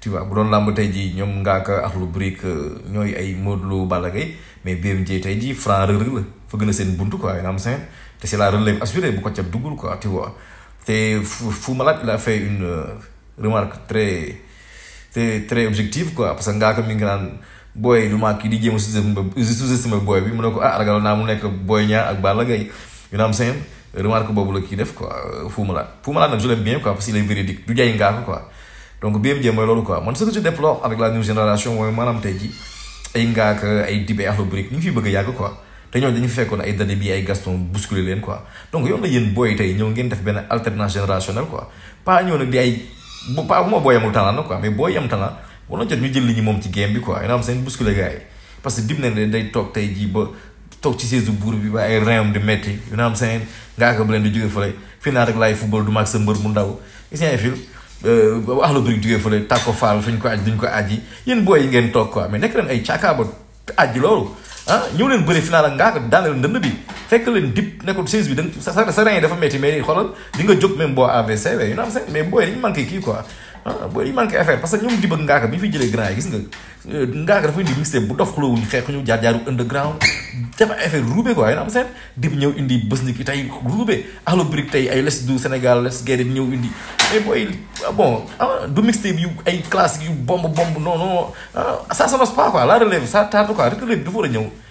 tu bu doon làmb tey jii ñoom Ngaaka ak lu brique euh, ñooy ay Modou Lo Balla Gaye mais BMJ jii tey jii Franc Reug Reug la fëgg na seen buntu quoi yéen am seen te c'est la relève assurée bu ko cab duggul quoi tu vois te Fou Malade il a fait une euh, remarque très très très objective quoi parce que Ngaaka mi ngi naan booy lu ma kii di jéem a sous-estimer booy bi mu ne ko ah ragal naa mu nekk Boy Niang ak Balla Gaye yéen am seen remarque boobu la kii def ko euh, Fou Malade Fou Malade nag je l'aime bien quoi parce qu'il est véridique du jaay Ngaaka quoi. donc BFJ mooy loolu quoi man ce que je déplore avec la nouvelle génération mooy maanaam tey ji ay Ngaaka ay Dibé ak Akhlou-Brick ñu ngi fi bëgg a yàgg quoi te ñooñu dañu fekkoon ay Dade bi ay Gaston bousculer leen quoi donc yoon la am li moom ci game bi quoi yoo xam seen bousculer gars tey ji ba toog ci saise buur bi ba ay leen di jóge fële fii naa rek laay football du maag sa mbër mu ndaw gis ay film Euh, wax la bëgg jugee fële tàkko faal fu ñu ko aj duñ ko aji yéen booy yi ngeen toog quoi mais nekk leen ay caakaaba aji loolu ah, ñëw leen bëri final ak ngaaka daaneel ndënd bi fekk leen dip nekkul siis bi da sa sa rein dafa métti mais xoolal di jóg même boo AVC waaye yu na am seen mais booy yi kii quoi Ah, ah booy yi manqué parce que ñoom Diba Ngaaka bi ñu fi jëlee grand yi gis nga euh, Ngaaka dafa indi mixte bu dof xulóowuñu xeexu ñu jaar jaaru underground dafa affaire ruube quoi yéen am seen dib ñëw indi bés ni ki tey ruube Akhlou Brick tey ay les du Sénégal les Guèye di ñëw indi mais booy ah, bon ah, du mixte yu ay classique yu bomb bomb non non ça se passe pas quoi la relève ça tarde quoi rek relève bi dafa war ñëw.